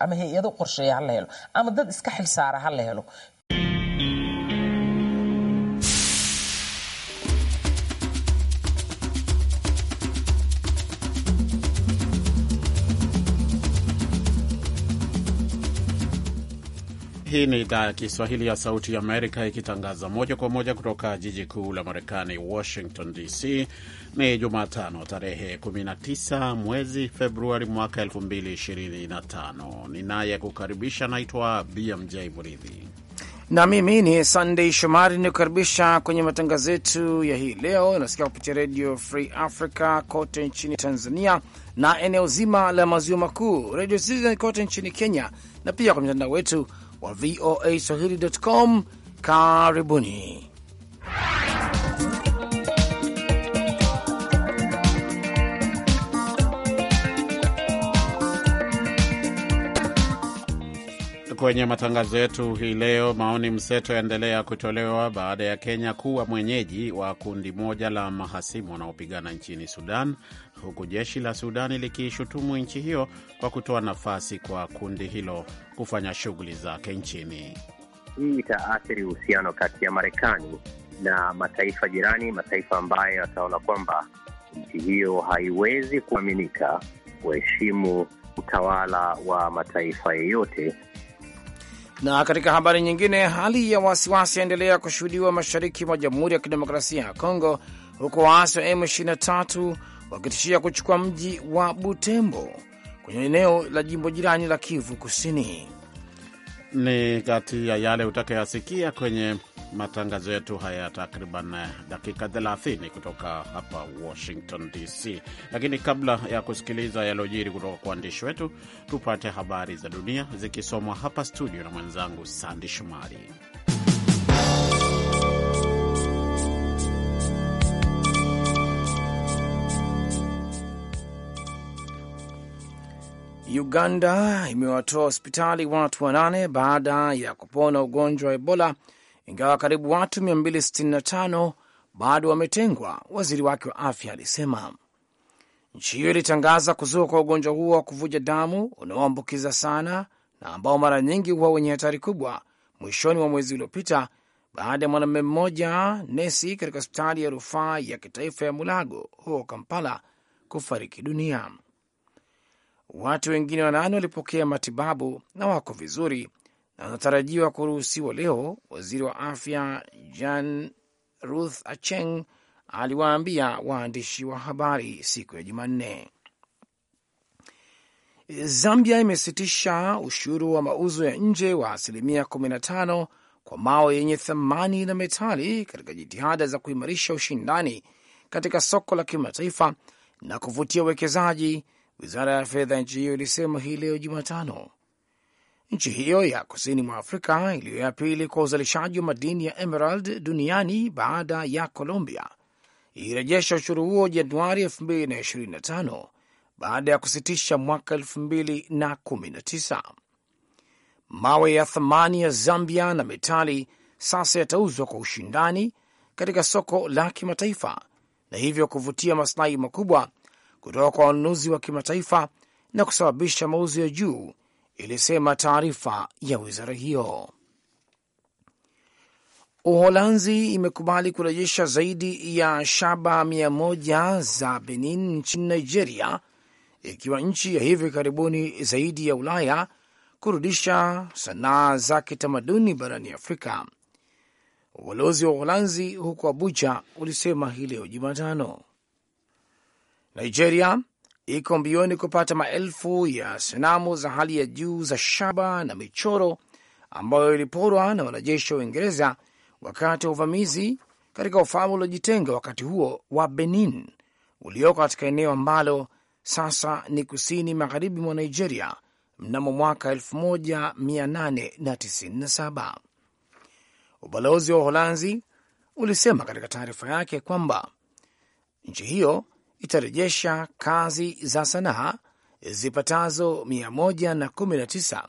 ama hay-ado qorsheeya ha la helo ama dad iska xilsaara ha la helo Hii ni idhaa ya Kiswahili ya Sauti ya Amerika ikitangaza moja kwa moja kutoka jiji kuu la Marekani, Washington DC. Ni Jumatano tarehe 19 mwezi Februari mwaka 2025. Ninaye kukaribisha naitwa BMJ Mridhi na mimi ni Sandey Shomari nikukaribisha kwenye matangazo yetu ya hii leo. Inasikia kupitia Redio Free Africa kote nchini Tanzania na eneo zima la maziwa makuu, Redio Citizen kote nchini Kenya na pia kwa mtandao wetu wa voa swahili.com. Karibuni. Kwenye matangazo yetu hii leo, maoni mseto yaendelea kutolewa baada ya Kenya kuwa mwenyeji wa kundi moja la mahasimu wanaopigana nchini Sudan, huku jeshi la Sudani likiishutumu nchi hiyo kwa kutoa nafasi kwa kundi hilo kufanya shughuli zake nchini. Hii itaathiri uhusiano kati ya Marekani na mataifa jirani, mataifa ambayo yataona kwamba nchi hiyo haiwezi kuaminika kuheshimu utawala wa mataifa yeyote na katika habari nyingine, hali ya wasiwasi yaendelea kushuhudiwa mashariki mwa Jamhuri ya Kidemokrasia ya Kongo, huku waasi wa M23 wakitishia kuchukua mji wa Butembo kwenye eneo la jimbo jirani la Kivu Kusini. Ni kati ya yale utakayasikia kwenye matangazo yetu haya takriban eh, dakika 30 kutoka hapa Washington DC. Lakini kabla ya kusikiliza yaliojiri kutoka kwa waandishi wetu, tupate habari za dunia zikisomwa hapa studio na mwenzangu Sandi Shumari. Uganda imewatoa hospitali watu wanane baada ya kupona ugonjwa wa Ebola ingawa karibu watu 265 bado wametengwa, waziri wake wa afya alisema. Nchi hiyo ilitangaza kuzuka kwa ugonjwa huo wa kuvuja damu unaoambukiza sana na ambao mara nyingi huwa wenye hatari kubwa mwishoni mwa mwezi uliopita baada ya mwanamume mmoja nesi katika hospitali ya rufaa ya kitaifa ya Mulago huko Kampala kufariki dunia. Watu wengine wanane walipokea matibabu na wako vizuri, anatarajiwa kuruhusiwa leo. Waziri wa afya Jan Ruth Acheng aliwaambia waandishi wa habari siku ya Jumanne. Zambia imesitisha ushuru wa mauzo ya nje wa asilimia 15 kwa mawe yenye thamani na metali katika jitihada za kuimarisha ushindani katika soko la kimataifa na kuvutia uwekezaji, wizara ya fedha nchi hiyo ilisema hii leo Jumatano. Nchi hiyo ya kusini mwa Afrika iliyo ya pili kwa uzalishaji wa madini ya emerald duniani baada ya Colombia ilirejesha ushuru huo Januari 2025 baada ya kusitisha mwaka 2019. Mawe ya thamani ya Zambia na metali sasa yatauzwa kwa ushindani katika soko la kimataifa na hivyo kuvutia maslahi makubwa kutoka kwa wanunuzi wa kimataifa na kusababisha mauzo ya juu ilisema taarifa ya wizara hiyo. Uholanzi imekubali kurejesha zaidi ya shaba mia moja za Benin nchini Nigeria, ikiwa nchi ya hivi karibuni zaidi ya Ulaya kurudisha sanaa za kitamaduni barani Afrika. Ubalozi wa Uholanzi huko Abuja ulisema hii leo Jumatano. Nigeria iko mbioni kupata maelfu ya sanamu za hali ya juu za shaba na michoro ambayo iliporwa na wanajeshi wa Uingereza wakati wa uvamizi katika ufalme uliojitenga wakati huo wa Benin ulioko katika eneo ambalo sasa ni kusini magharibi mwa Nigeria mnamo mwaka 1897. Ubalozi wa Uholanzi ulisema katika taarifa yake kwamba nchi hiyo itarejesha kazi za sanaa zipatazo 119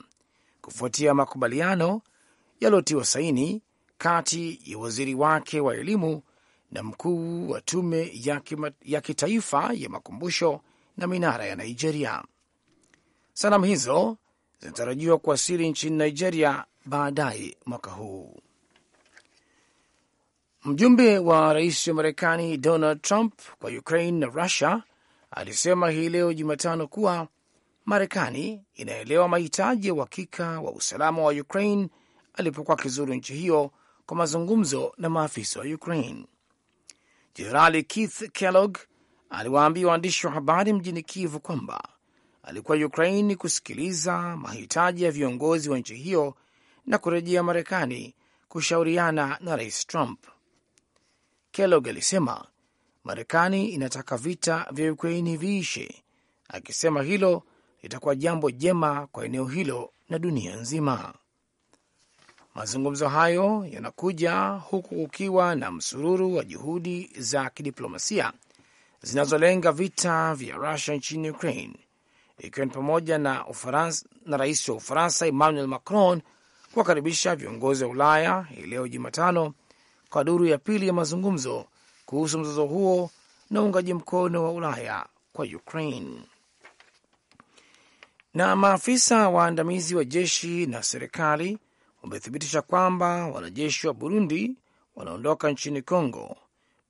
kufuatia makubaliano yaliyotiwa saini kati ya waziri wake wa elimu na mkuu wa tume ya, ya kitaifa ya makumbusho na minara ya Nigeria. Sanamu hizo zinatarajiwa kuwasili nchini Nigeria baadaye mwaka huu. Mjumbe wa rais wa Marekani Donald Trump kwa Ukraine na Russia alisema hii leo Jumatano kuwa Marekani inaelewa mahitaji ya uhakika wa usalama wa Ukraine alipokuwa akizuru nchi hiyo kwa mazungumzo na maafisa wa Ukraine. Jenerali Keith Kellogg aliwaambia waandishi wa habari mjini Kiev kwamba alikuwa Ukraine kusikiliza mahitaji ya viongozi wa nchi hiyo na kurejea Marekani kushauriana na rais Trump. Kellogg alisema Marekani inataka vita vya Ukraini viishe, akisema hilo litakuwa jambo jema kwa eneo hilo na dunia nzima. Mazungumzo hayo yanakuja huku kukiwa na msururu wa juhudi za kidiplomasia zinazolenga vita vya Rusia nchini Ukraine, ikiwa ni pamoja na, na rais wa Ufaransa Emmanuel Macron kuwakaribisha viongozi wa Ulaya hii leo Jumatano kwa duru ya pili ya mazungumzo kuhusu mzozo huo na uungaji mkono wa Ulaya kwa Ukraine. Na maafisa waandamizi wa jeshi na serikali wamethibitisha kwamba wanajeshi wa Burundi wanaondoka nchini congo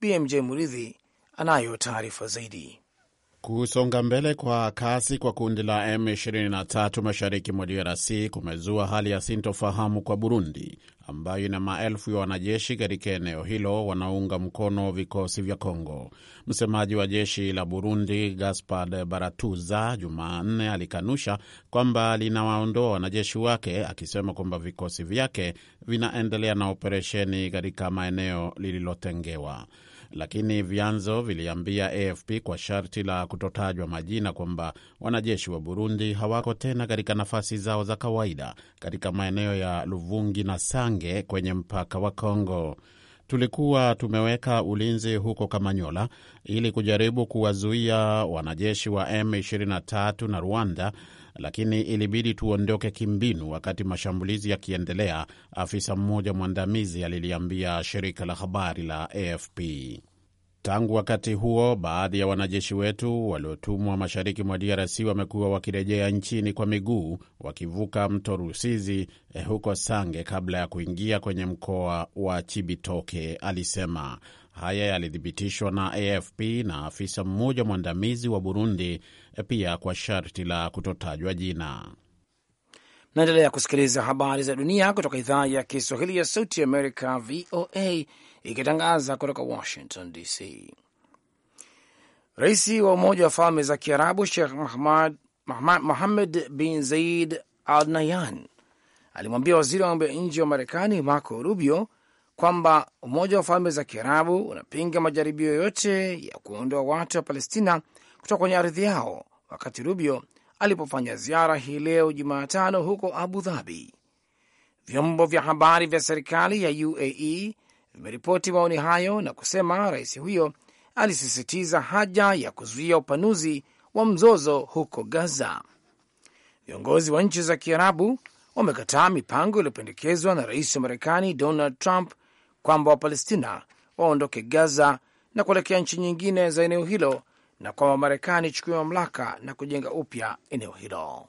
BMJ Muridhi anayo taarifa zaidi. Kusonga mbele kwa kasi kwa kundi la M23 mashariki mwa DRC kumezua hali ya sintofahamu kwa Burundi, ambayo ina maelfu ya wanajeshi katika eneo hilo wanaunga mkono vikosi vya congo Msemaji wa jeshi la Burundi, Gaspard Baratuza, Jumanne alikanusha kwamba linawaondoa wanajeshi wake, akisema kwamba vikosi vyake vinaendelea na operesheni katika maeneo lililotengewa lakini vyanzo viliambia AFP kwa sharti la kutotajwa majina kwamba wanajeshi wa Burundi hawako tena katika nafasi zao za kawaida katika maeneo ya Luvungi na Sange kwenye mpaka wa congo Tulikuwa tumeweka ulinzi huko Kamanyola ili kujaribu kuwazuia wanajeshi wa M23 na Rwanda lakini ilibidi tuondoke kimbinu wakati mashambulizi yakiendelea, afisa mmoja mwandamizi aliliambia shirika la habari la AFP. Tangu wakati huo, baadhi ya wanajeshi wetu waliotumwa mashariki mwa DRC wamekuwa wakirejea nchini kwa miguu wakivuka mto Rusizi eh, huko Sange kabla ya kuingia kwenye mkoa wa Chibitoke, alisema. Haya yalithibitishwa na AFP na afisa mmoja mwandamizi wa Burundi, eh, pia kwa sharti la kutotajwa jina. Naendelea kusikiliza habari za dunia kutoka idhaa ya Kiswahili ya Sauti Amerika, VOA, ikitangaza kutoka Washington DC. Rais wa Umoja wa Falme za Kiarabu Sheikh Mohammed bin Zaid Al Nayan alimwambia waziri wa mambo ya nje wa Marekani Marco Rubio kwamba Umoja wa Falme za Kiarabu unapinga majaribio yote ya kuondoa watu wa Palestina kutoka kwenye ardhi yao, wakati Rubio alipofanya ziara hii leo Jumatano huko Abu Dhabi. Vyombo vya habari vya serikali ya UAE vimeripoti maoni hayo na kusema rais huyo alisisitiza haja ya kuzuia upanuzi wa mzozo huko Gaza. Viongozi wa nchi za Kiarabu wamekataa mipango iliyopendekezwa na rais wa Marekani Donald Trump kwamba Wapalestina waondoke Gaza na kuelekea nchi nyingine za eneo hilo na kwamba Marekani ichukue mamlaka na kujenga upya eneo hilo.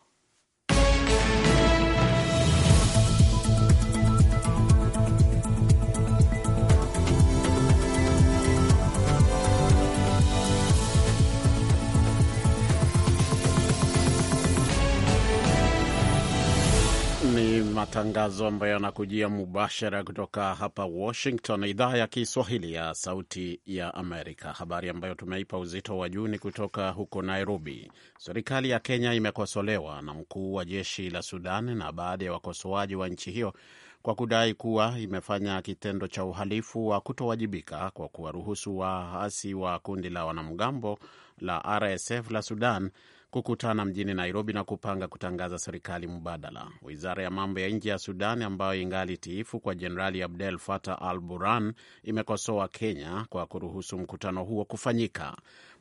Ni matangazo ambayo yanakujia mubashara kutoka hapa Washington, idhaa ya Kiswahili ya Sauti ya Amerika. Habari ambayo tumeipa uzito wa juu ni kutoka huko Nairobi. Serikali ya Kenya imekosolewa na mkuu wa jeshi la Sudan na baadhi ya wakosoaji wa nchi hiyo kwa kudai kuwa imefanya kitendo cha uhalifu wa kutowajibika kwa kuwaruhusu waasi wa kundi la wanamgambo la RSF la Sudan kukutana mjini Nairobi na kupanga kutangaza serikali mbadala. Wizara ya mambo ya nje ya Sudan ambayo ingali tiifu kwa Jenerali Abdel Fattah al Burhan imekosoa Kenya kwa kuruhusu mkutano huo kufanyika.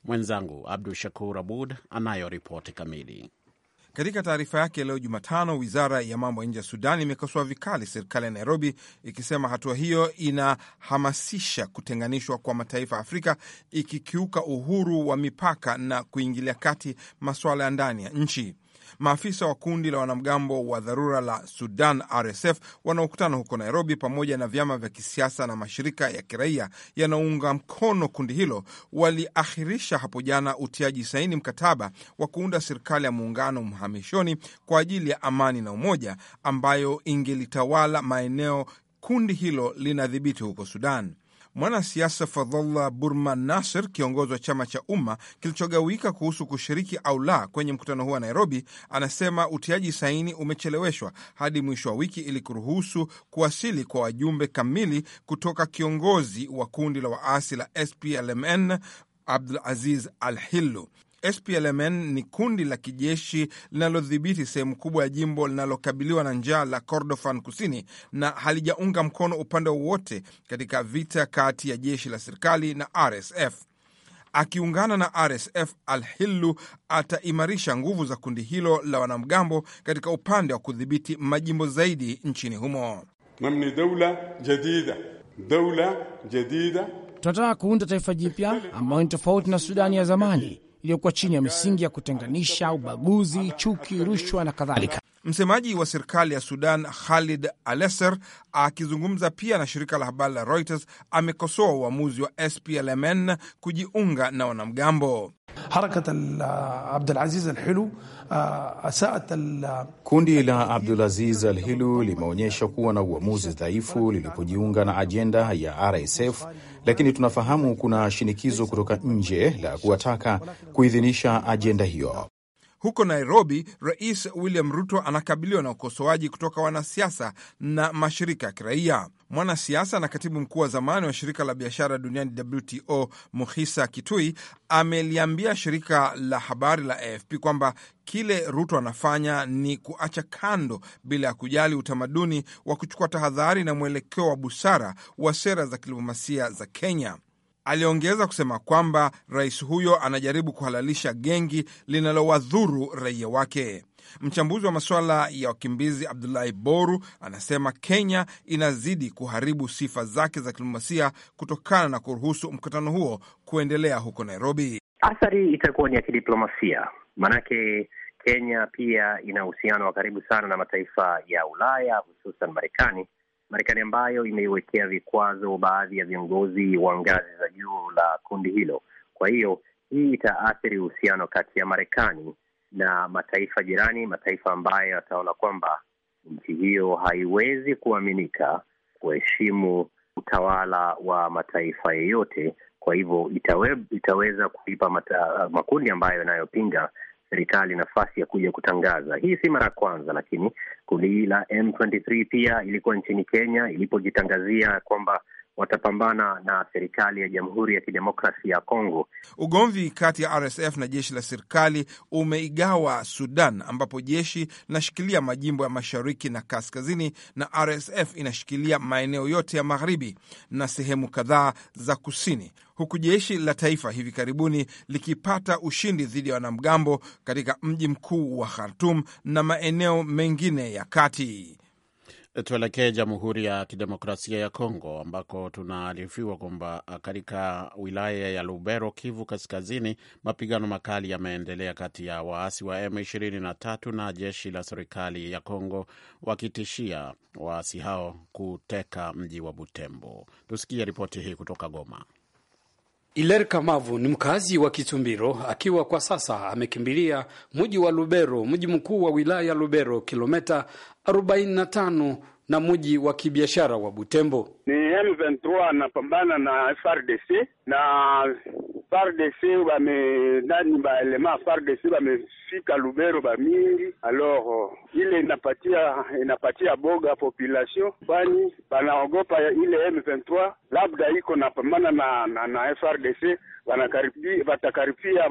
Mwenzangu Abdu Shakur Abud anayo ripoti kamili. Katika taarifa yake leo Jumatano, wizara ya mambo ya nje ya Sudan imekosoa vikali serikali ya Nairobi ikisema hatua hiyo inahamasisha kutenganishwa kwa mataifa ya Afrika, ikikiuka uhuru wa mipaka na kuingilia kati masuala ya ndani ya nchi maafisa wa kundi la wanamgambo wa dharura la Sudan RSF wanaokutana huko Nairobi, pamoja na vyama vya kisiasa na mashirika ya kiraia yanaunga mkono kundi hilo waliahirisha hapo jana utiaji saini mkataba wa kuunda serikali ya muungano mhamishoni kwa ajili ya amani na umoja ambayo ingelitawala maeneo kundi hilo linadhibiti huko Sudan. Mwanasiasa Fadhullah Burma Nasir, kiongozi wa chama cha Umma kilichogawika kuhusu kushiriki au la kwenye mkutano huu wa Nairobi, anasema utiaji saini umecheleweshwa hadi mwisho wa wiki ili kuruhusu kuwasili kwa wajumbe kamili kutoka kiongozi wa kundi la waasi la SPLMN Abdul Aziz Al Hilu. SPLMN ni kundi la kijeshi linalodhibiti sehemu kubwa ya jimbo linalokabiliwa na njaa la Kordofan Kusini na halijaunga mkono upande wowote katika vita kati ya jeshi la serikali na RSF. Akiungana na RSF, al hillu ataimarisha nguvu za kundi hilo la wanamgambo katika upande wa kudhibiti majimbo zaidi nchini humo. daula jadida daula jadida, tunataka kuunda taifa jipya ambayo ni tofauti na Sudani ya zamani iliyokuwa chini ya misingi ya kutenganisha, ubaguzi, chuki, rushwa na kadhalika. Msemaji wa serikali ya Sudan Khalid Alesser akizungumza pia na shirika la habari la Reuters amekosoa uamuzi wa SPLMN kujiunga na wanamgambo. Harakat Abdulaziz Alhilu asat al... kundi la Abdulaziz Alhilu limeonyesha kuwa na uamuzi dhaifu lilipojiunga na ajenda ya RSF, lakini tunafahamu kuna shinikizo kutoka nje la kuwataka kuidhinisha ajenda hiyo. Huko Nairobi, Rais William Ruto anakabiliwa na ukosoaji kutoka wanasiasa na mashirika ya kiraia. Mwanasiasa na katibu mkuu wa zamani wa shirika la biashara duniani WTO Muhisa Kitui ameliambia shirika la habari la AFP kwamba kile Ruto anafanya ni kuacha kando bila ya kujali utamaduni wa kuchukua tahadhari na mwelekeo wa busara wa sera za kidiplomasia za Kenya. Aliongeza kusema kwamba rais huyo anajaribu kuhalalisha gengi linalowadhuru raia wake. Mchambuzi wa masuala ya wakimbizi Abdullahi Boru anasema Kenya inazidi kuharibu sifa zake za kidiplomasia kutokana na kuruhusu mkutano huo kuendelea huko Nairobi. Athari itakuwa ni ya kidiplomasia, maanake Kenya pia ina uhusiano wa karibu sana na mataifa ya Ulaya, hususan Marekani, Marekani ambayo imeiwekea vikwazo baadhi ya viongozi wa ngazi za juu la kundi hilo. Kwa hiyo hii itaathiri uhusiano kati ya Marekani na mataifa jirani, mataifa ambayo yataona kwamba nchi hiyo haiwezi kuaminika kuheshimu utawala wa mataifa yeyote. Kwa hivyo itawe, itaweza kuipa makundi ambayo yanayopinga serikali nafasi ya kuja kutangaza. Hii si mara ya kwanza, lakini kundi hii la M23 pia ilikuwa nchini Kenya ilipojitangazia kwamba watapambana na serikali ya Jamhuri ya Kidemokrasia ya Kongo. Ugomvi kati ya RSF na jeshi la serikali umeigawa Sudan, ambapo jeshi linashikilia majimbo ya mashariki na kaskazini na RSF inashikilia maeneo yote ya magharibi na sehemu kadhaa za kusini, huku jeshi la taifa hivi karibuni likipata ushindi dhidi ya wanamgambo katika mji mkuu wa Khartum na maeneo mengine ya kati tuelekee Jamhuri ya Kidemokrasia ya Kongo ambako tunaarifiwa kwamba ah, katika wilaya ya Lubero, Kivu Kaskazini, mapigano makali yameendelea kati ya waasi wa M23 na jeshi la serikali ya Kongo, wakitishia waasi hao kuteka mji wa Butembo. Tusikie ripoti hii kutoka Goma. Iler Kamavu ni mkazi wa Kitumbiro akiwa kwa sasa amekimbilia mji wa Lubero, mji mkuu wa wilaya Lubero, kilomita 45 na mji wa kibiashara wa Butembo. Ni M23 anapambana na FRDC na FARDC bame nani baelema FARDC bamefika Lubero bamingi, alors euh, ile inapatia inapatia boga population, kwani banaogopa ile M23 labda iko napambana na, na, na FRDC watakaribia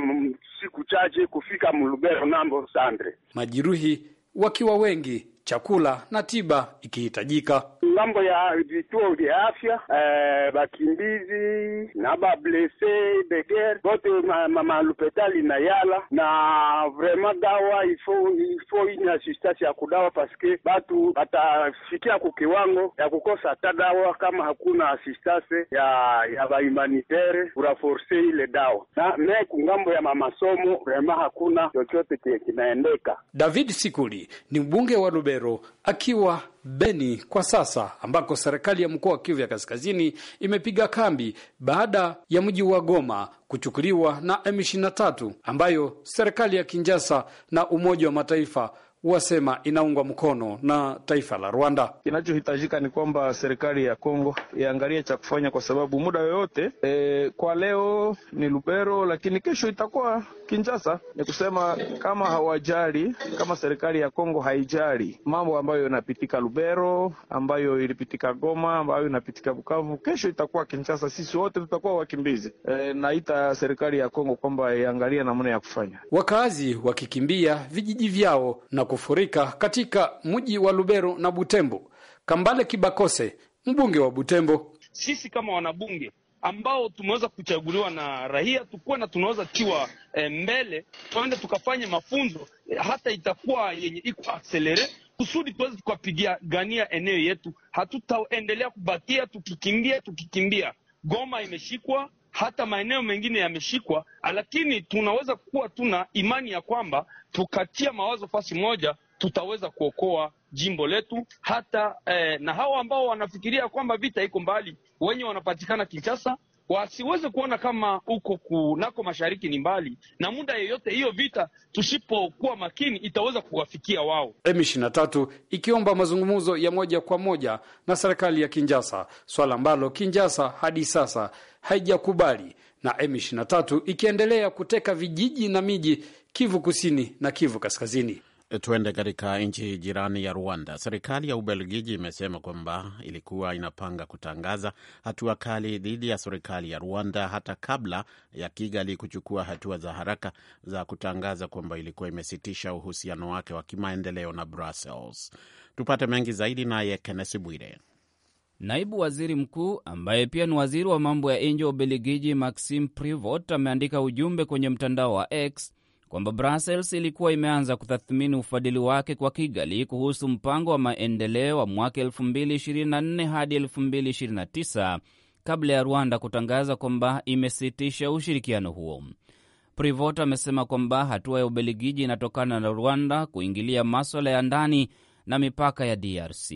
siku chache kufika mlubero nambo sandre, majeruhi wakiwa wengi chakula na tiba ikihitajika. Mambo ya vituo vya afya eh, bakimbizi na bablese beger bote mamalupetali ma, na yala na vrema dawa ifo ifo ine ya kudawa paske batu batafikia kukiwango ya kukosa hata dawa kama hakuna asistanse ya ya bahumanitaire kuraforce ile dawa na me kungambo ya mamasomo vrema hakuna chochote kinaendeka. David Sikuli ni mbunge wa Lube Lubero akiwa Beni kwa sasa ambako serikali ya mkoa wa Kivu ya Kaskazini imepiga kambi baada ya mji wa Goma kuchukuliwa na M23 ambayo serikali ya kinjasa na Umoja wa Mataifa wasema inaungwa mkono na taifa la Rwanda. Kinachohitajika ni kwamba serikali ya Kongo iangalie cha kufanya, kwa sababu muda yoyote e, kwa leo ni Lubero, lakini kesho itakuwa Kinshasa. Ni kusema kama hawajali, kama serikali ya Kongo haijali mambo ambayo inapitika Lubero, ambayo ilipitika Goma, ambayo inapitika Bukavu, kesho itakuwa Kinshasa. Sisi wote tutakuwa wakimbizi e, naita serikali ya Kongo kwamba iangalie namna ya kufanya, wakazi wakikimbia vijiji vyao na kufurika katika mji wa Lubero na Butembo. Kambale Kibakose, mbunge wa Butembo: sisi kama wanabunge ambao tumeweza kuchaguliwa na raia tukuwe na tunaweza tiwa e, mbele tuende tukafanye mafunzo eh, hata itakuwa yenye iko akselere kusudi tuweze gania eneo yetu. Hatutaendelea kubakia tukikimbia tukikimbia. Goma imeshikwa hata maeneo mengine yameshikwa, lakini tunaweza kuwa tuna imani ya kwamba tukatia mawazo fasi moja tutaweza kuokoa jimbo letu hata eh, na hao ambao wanafikiria kwamba vita iko mbali, wenye wanapatikana Kinshasa wasiweze kuona kama huko kunako mashariki ni mbali, na muda yeyote hiyo vita tusipokuwa makini itaweza kuwafikia wao. M23 ikiomba mazungumzo ya moja kwa moja na serikali ya Kinshasa, swala ambalo Kinshasa hadi sasa haijakubali na M23 ikiendelea kuteka vijiji na miji Kivu Kusini na Kivu Kaskazini. E, Tuende katika nchi jirani ya Rwanda. Serikali ya Ubelgiji imesema kwamba ilikuwa inapanga kutangaza hatua kali dhidi ya serikali ya Rwanda hata kabla ya Kigali kuchukua hatua za haraka za kutangaza kwamba ilikuwa imesitisha uhusiano wake wa kimaendeleo na Brussels. Tupate mengi zaidi naye Kenneth Bwire. Naibu waziri mkuu ambaye pia ni waziri wa mambo ya nje wa Ubelgiji, maxim Prevot, ameandika ujumbe kwenye mtandao wa X kwamba Brussels ilikuwa imeanza kutathmini ufadhili wake kwa Kigali kuhusu mpango wa maendeleo wa mwaka 2024 hadi 2029 kabla ya Rwanda kutangaza kwamba imesitisha ushirikiano huo. Prevot amesema kwamba hatua ya Ubelgiji inatokana na Rwanda kuingilia maswala ya ndani na mipaka ya DRC.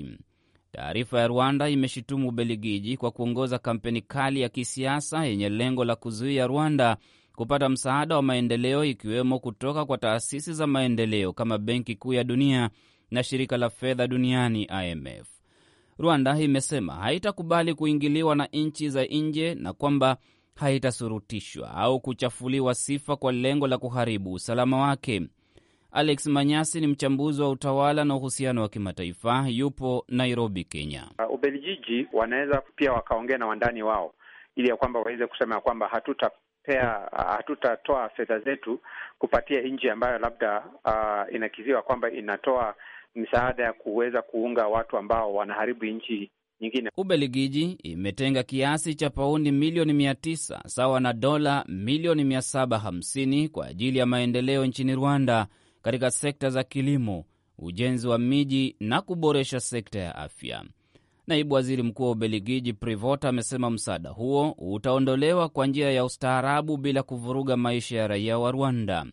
Taarifa ya Rwanda imeshitumu ubeligiji kwa kuongoza kampeni kali ya kisiasa yenye lengo la kuzuia Rwanda kupata msaada wa maendeleo ikiwemo kutoka kwa taasisi za maendeleo kama Benki Kuu ya Dunia na Shirika la Fedha Duniani, IMF. Rwanda imesema haitakubali kuingiliwa na nchi za nje na kwamba haitasurutishwa au kuchafuliwa sifa kwa lengo la kuharibu usalama wake. Alex Manyasi ni mchambuzi wa utawala na uhusiano wa kimataifa, yupo Nairobi, Kenya. Uh, Ubelgiji wanaweza pia wakaongea na wandani wao ili ya kwamba waweze kusema ya kwamba hatuta uh, hatutatoa fedha zetu kupatia nchi ambayo labda uh, inakiziwa kwamba inatoa misaada ya kuweza kuunga watu ambao wanaharibu nchi nyingine. ubeligiji imetenga kiasi cha paundi milioni mia tisa sawa na dola milioni mia saba hamsini kwa ajili ya maendeleo nchini Rwanda katika sekta za kilimo, ujenzi wa miji na kuboresha sekta ya afya. Naibu waziri mkuu wa Ubeligiji Privota amesema msaada huo utaondolewa kwa njia ya ustaarabu bila kuvuruga maisha ya raia wa Rwanda.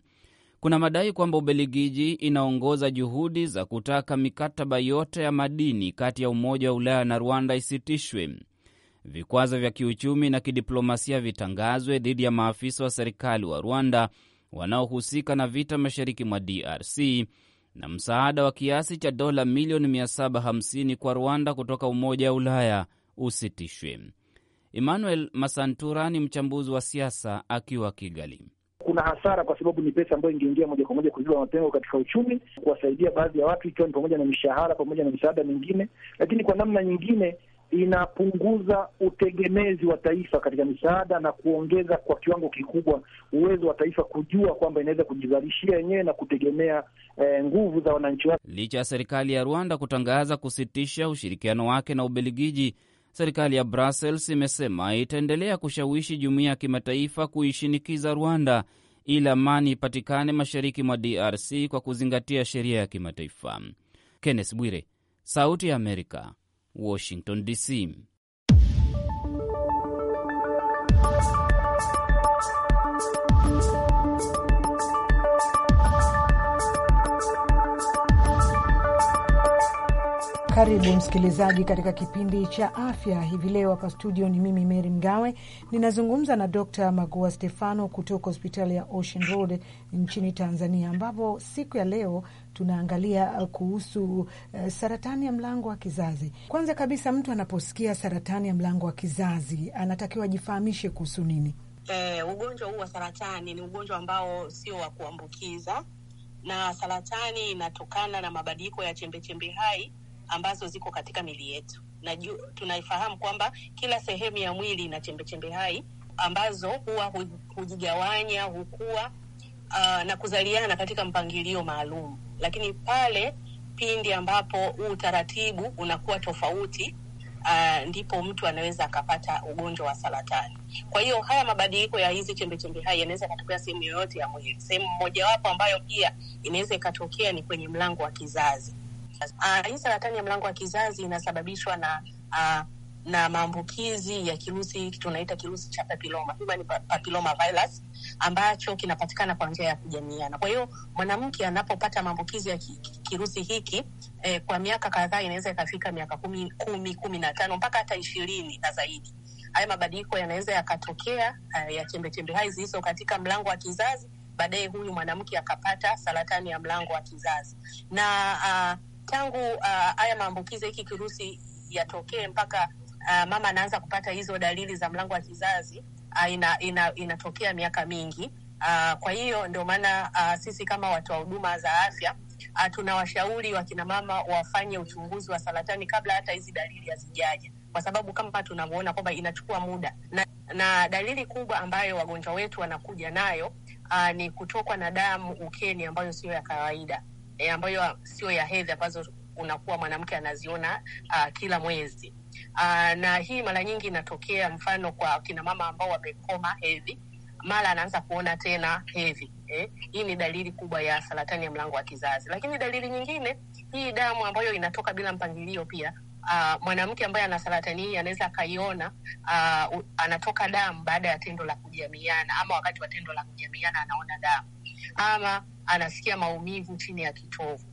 Kuna madai kwamba Ubeligiji inaongoza juhudi za kutaka mikataba yote ya madini kati ya Umoja wa Ulaya na Rwanda isitishwe, vikwazo vya kiuchumi na kidiplomasia vitangazwe dhidi ya maafisa wa serikali wa Rwanda wanaohusika na vita mashariki mwa DRC na msaada wa kiasi cha dola milioni 750 kwa Rwanda kutoka Umoja wa Ulaya usitishwe. Emmanuel Masantura ni mchambuzi wa siasa akiwa Kigali. Kuna hasara kwa sababu ni pesa ambayo ingeingia moja kwa moja kuziba mapengo katika uchumi, kuwasaidia baadhi ya watu, ikiwa ni pamoja na mishahara pamoja na misaada mingine, lakini kwa namna nyingine inapunguza utegemezi wa taifa katika misaada na kuongeza kwa kiwango kikubwa uwezo wa taifa kujua kwamba inaweza kujizalishia yenyewe na kutegemea eh, nguvu za wananchi wake. Licha ya serikali ya Rwanda kutangaza kusitisha ushirikiano wake na Ubelgiji, serikali ya Brussels imesema itaendelea kushawishi jumuiya ya kimataifa kuishinikiza Rwanda ili amani ipatikane mashariki mwa DRC kwa kuzingatia sheria ya kimataifa. Kenneth Bwire, Sauti ya Amerika, Washington DC. Karibu msikilizaji katika kipindi cha afya hivi leo. Hapa studio ni mimi mery Mgawe, ninazungumza na Dr Magua Stefano kutoka hospitali ya Ocean Road nchini Tanzania, ambapo siku ya leo tunaangalia uh, kuhusu uh, saratani ya mlango wa kizazi. Kwanza kabisa, mtu anaposikia saratani ya mlango wa kizazi anatakiwa ajifahamishe kuhusu nini? Eh, ugonjwa huu wa saratani ni ugonjwa ambao sio wa kuambukiza, na saratani inatokana na mabadiliko ya chembechembe hai ambazo ziko katika mili yetu, na tunaifahamu kwamba kila sehemu ya mwili ina chembechembe hai ambazo huwa hujigawanya, hukua uh, na kuzaliana katika mpangilio maalum, lakini pale pindi ambapo huu utaratibu unakuwa tofauti Uh, ndipo mtu anaweza akapata ugonjwa wa saratani. Kwa hiyo haya mabadiliko ya hizi chembechembe hai yanaweza katokea sehemu yoyote ya mwili. Sehemu mojawapo ambayo pia inaweza ikatokea ni kwenye mlango wa kizazi. Uh, hii saratani ya mlango wa kizazi inasababishwa na uh, na maambukizi ya kirusi tunaita kirusi cha papiloma, human papiloma virus ambacho kinapatikana kwa njia ya kujamiana. Kwa hiyo mwanamke anapopata maambukizi ya kirusi hiki eh, kwa miaka kadhaa inaweza ikafika miaka kumi, kumi, kumi na tano mpaka hata ishirini na zaidi. Haya mabadiliko yanaweza yakatokea uh, ya chembechembe hai zilizo katika mlango wa kizazi, baadaye huyu mwanamke akapata saratani ya mlango wa kizazi na uh, tangu uh, haya maambukizi hiki kirusi yatokee mpaka uh, mama anaanza kupata hizo dalili za mlango wa kizazi uh, ina, ina, inatokea miaka mingi uh, kwa hiyo ndio maana uh, sisi kama watoa huduma za afya uh, tunawashauri wakinamama wafanye uchunguzi wa saratani kabla hata hizi dalili hazijaja, kwa sababu kama tunavyoona kwamba inachukua muda na, na dalili kubwa ambayo wagonjwa wetu wanakuja nayo uh, ni kutokwa na damu ukeni ambayo siyo ya kawaida e, ambayo sio ya hedhi ambazo unakuwa mwanamke anaziona uh, kila mwezi uh, na hii mara nyingi inatokea mfano kwa kinamama ambao wamekoma hedhi, mara anaanza kuona tena hedhi eh. Hii ni dalili kubwa ya saratani ya mlango wa kizazi. Lakini dalili nyingine, hii damu ambayo inatoka bila mpangilio pia Uh, mwanamke ambaye ana saratani hii anaweza akaiona, uh, anatoka damu baada ya tendo la kujamiana ama wakati wa tendo la kujamiana anaona damu ama anasikia maumivu chini ya kitovu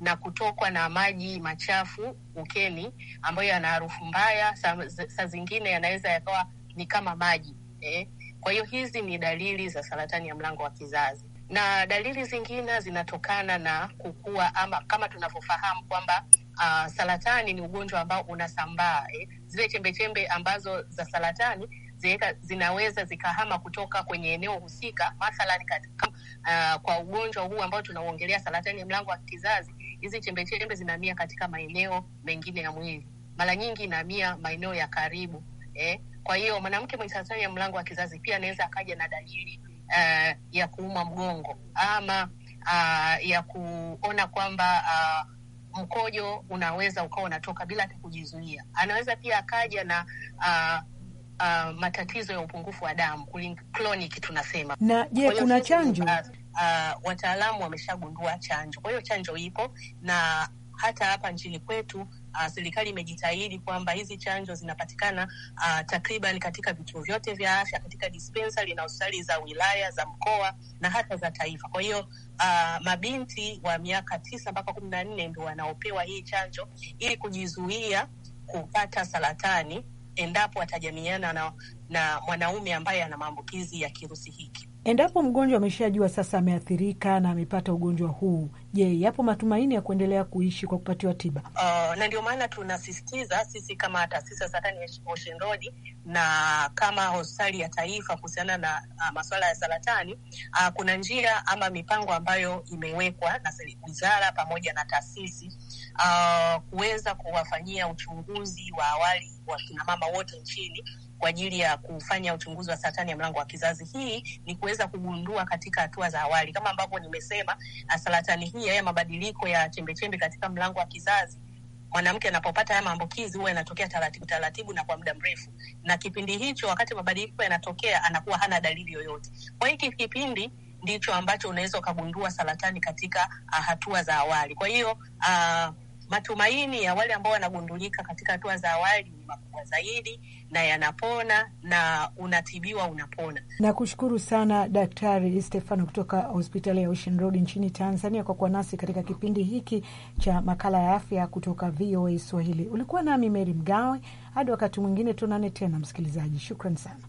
na kutokwa na maji machafu ukeni ambayo yana harufu mbaya. Saa sa zingine yanaweza yakawa ni kama maji eh. Kwa hiyo hizi ni dalili za saratani ya mlango wa kizazi, na dalili zingine zinatokana na kukua ama, kama tunavyofahamu kwamba uh, saratani ni ugonjwa ambao unasambaa eh. Zile chembechembe ambazo za saratani zieka, zinaweza zikahama kutoka kwenye eneo husika, mathalani uh, kwa ugonjwa huu ambao tunauongelea saratani ya mlango wa kizazi, hizi chembechembe zinahamia katika maeneo mengine ya mwili, mara nyingi inahamia maeneo ya karibu eh. Kwa hiyo mwanamke mwenye saratani ya mlango wa kizazi pia anaweza akaja na dalili uh, ya kuuma mgongo ama uh, ya kuona kwamba uh, mkojo unaweza ukawa unatoka bila hata kujizuia. Anaweza pia akaja na uh, uh, matatizo ya upungufu wa damu chronic tunasema. Na je, kuna chanjo? Uh, wataalamu wameshagundua chanjo, kwa hiyo chanjo ipo na hata hapa nchini kwetu uh, serikali imejitahidi kwamba hizi chanjo zinapatikana uh, takriban katika vituo vyote vya afya, katika dispensari na hospitali za wilaya, za mkoa na hata za taifa. Kwa hiyo uh, mabinti wa miaka tisa mpaka kumi na nne ndio wanaopewa hii chanjo ili kujizuia kupata saratani endapo atajamiana na, na mwanaume ambaye ana maambukizi ya kirusi hiki. Endapo mgonjwa ameshajua sasa ameathirika na amepata ugonjwa huu, je, yapo matumaini ya kuendelea kuishi kwa kupatiwa tiba? Uh, na ndio maana tunasisitiza sisi kama taasisi ya saratani ya Ocean Road na kama hospitali ya taifa kuhusiana na uh, masuala ya saratani uh, kuna njia ama mipango ambayo imewekwa na wizara pamoja na taasisi uh, kuweza kuwafanyia uchunguzi wa awali wa kinamama wote nchini kwa ajili ya kufanya uchunguzi wa saratani ya mlango wa kizazi. Hii ni kuweza kugundua katika hatua za awali, kama ambavyo nimesema, uh, saratani hii haya mabadiliko ya chembechembe katika mlango wa kizazi mwanamke anapopata haya maambukizi huwa yanatokea taratibu taratibu na kwa muda mrefu, na kipindi hicho, wakati mabadiliko yanatokea, anakuwa hana dalili yoyote. Kwa hiki kipindi ndicho ambacho unaweza ukagundua saratani katika uh, hatua za awali. Kwa hiyo uh, matumaini ya wale ambao wanagundulika katika hatua za awali ni makubwa zaidi na yanapona na unatibiwa unapona. Nakushukuru sana Daktari Stefano kutoka hospitali ya Ocean Road nchini Tanzania kwa kuwa nasi katika kipindi hiki cha makala ya afya kutoka VOA Swahili. Ulikuwa nami Meri Mgawe, hadi wakati mwingine tuonane tena, msikilizaji. Shukran sana.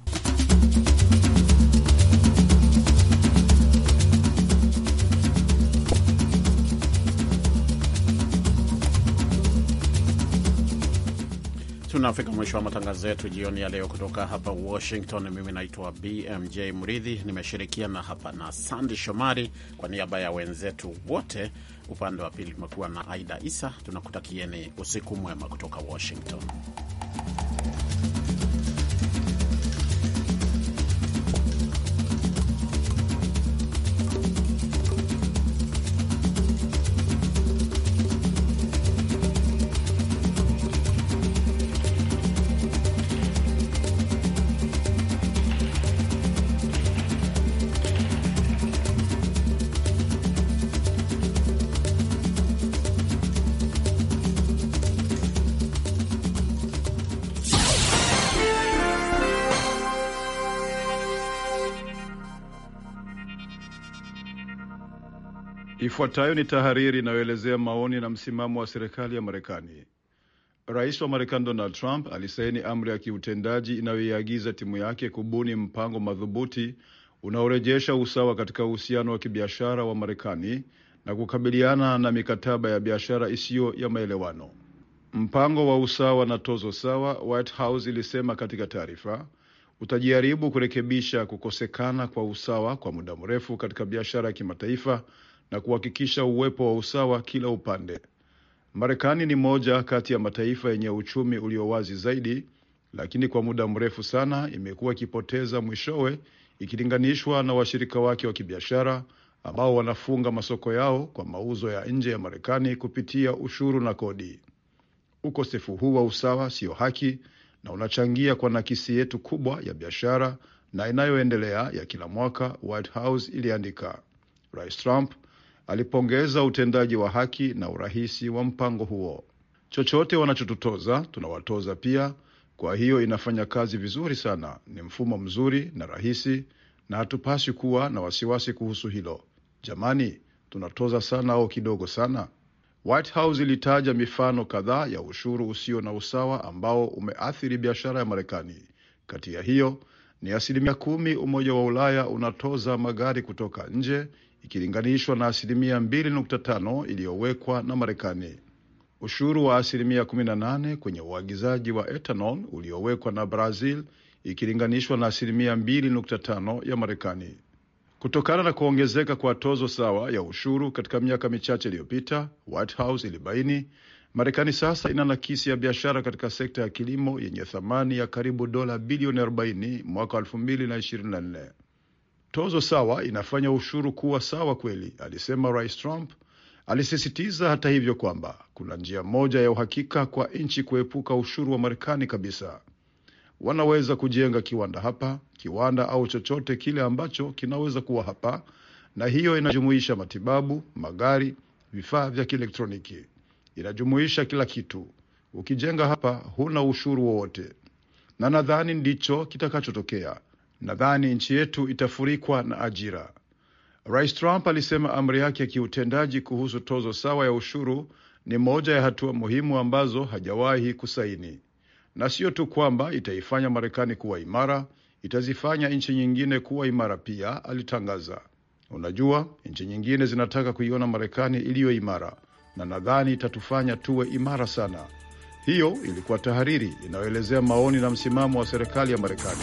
Tunafika mwisho wa matangazo yetu jioni ya leo kutoka hapa Washington. Mimi naitwa BMJ Mridhi, nimeshirikiana hapa na Sandi Shomari. Kwa niaba ya wenzetu wote upande wa pili tumekuwa na Aida Isa. Tunakutakieni usiku mwema kutoka Washington. Ifuatayo ni tahariri inayoelezea maoni na msimamo wa serikali ya Marekani. Rais wa Marekani Donald Trump alisaini amri ya kiutendaji inayoiagiza timu yake kubuni mpango madhubuti unaorejesha usawa katika uhusiano wa kibiashara wa Marekani na kukabiliana na mikataba ya biashara isiyo ya maelewano. Mpango wa usawa na tozo sawa, White House ilisema katika taarifa, utajaribu kurekebisha kukosekana kwa usawa kwa muda mrefu katika biashara ya kimataifa na kuhakikisha uwepo wa usawa kila upande. Marekani ni moja kati ya mataifa yenye uchumi ulio wazi zaidi, lakini kwa muda mrefu sana imekuwa ikipoteza mwishowe ikilinganishwa na washirika wake wa kibiashara ambao wanafunga masoko yao kwa mauzo ya nje ya Marekani kupitia ushuru na kodi. Ukosefu huu wa usawa siyo haki na unachangia kwa nakisi yetu kubwa ya biashara na inayoendelea ya kila mwaka, White House iliandika. Rais Trump alipongeza utendaji wa haki na urahisi wa mpango huo. Chochote wanachotutoza tunawatoza pia, kwa hiyo inafanya kazi vizuri sana. Ni mfumo mzuri na rahisi, na hatupaswi kuwa na wasiwasi kuhusu hilo. Jamani, tunatoza sana au kidogo sana? White House ilitaja mifano kadhaa ya ushuru usio na usawa ambao umeathiri biashara ya Marekani. Kati ya hiyo ni asilimia kumi Umoja wa Ulaya unatoza magari kutoka nje ikilinganishwa na asilimia 2.5 iliyowekwa na Marekani. Ushuru wa asilimia 18 kwenye uagizaji wa etanol uliowekwa na Brazil ikilinganishwa na asilimia 2.5 ya Marekani. Kutokana na kuongezeka kwa tozo sawa ya ushuru katika miaka michache iliyopita, White House ilibaini Marekani sasa ina nakisi ya biashara katika sekta ya kilimo yenye thamani ya karibu dola bilioni 40 mwaka 2024. Tozo sawa inafanya ushuru kuwa sawa kweli, alisema Rais Trump. Alisisitiza hata hivyo kwamba kuna njia moja ya uhakika kwa nchi kuepuka ushuru wa Marekani kabisa. Wanaweza kujenga kiwanda hapa, kiwanda au chochote kile ambacho kinaweza kuwa hapa, na hiyo inajumuisha matibabu, magari, vifaa vya kielektroniki, inajumuisha kila kitu. Ukijenga hapa, huna ushuru wowote, na nadhani ndicho kitakachotokea nadhani nchi yetu itafurikwa na ajira. Rais Trump alisema amri yake ya kiutendaji kuhusu tozo sawa ya ushuru ni moja ya hatua muhimu ambazo hajawahi kusaini, na siyo tu kwamba itaifanya Marekani kuwa imara, itazifanya nchi nyingine kuwa imara pia, alitangaza. Unajua, nchi nyingine zinataka kuiona Marekani iliyo imara, na nadhani itatufanya tuwe imara sana. Hiyo ilikuwa tahariri inayoelezea maoni na msimamo wa serikali ya Marekani.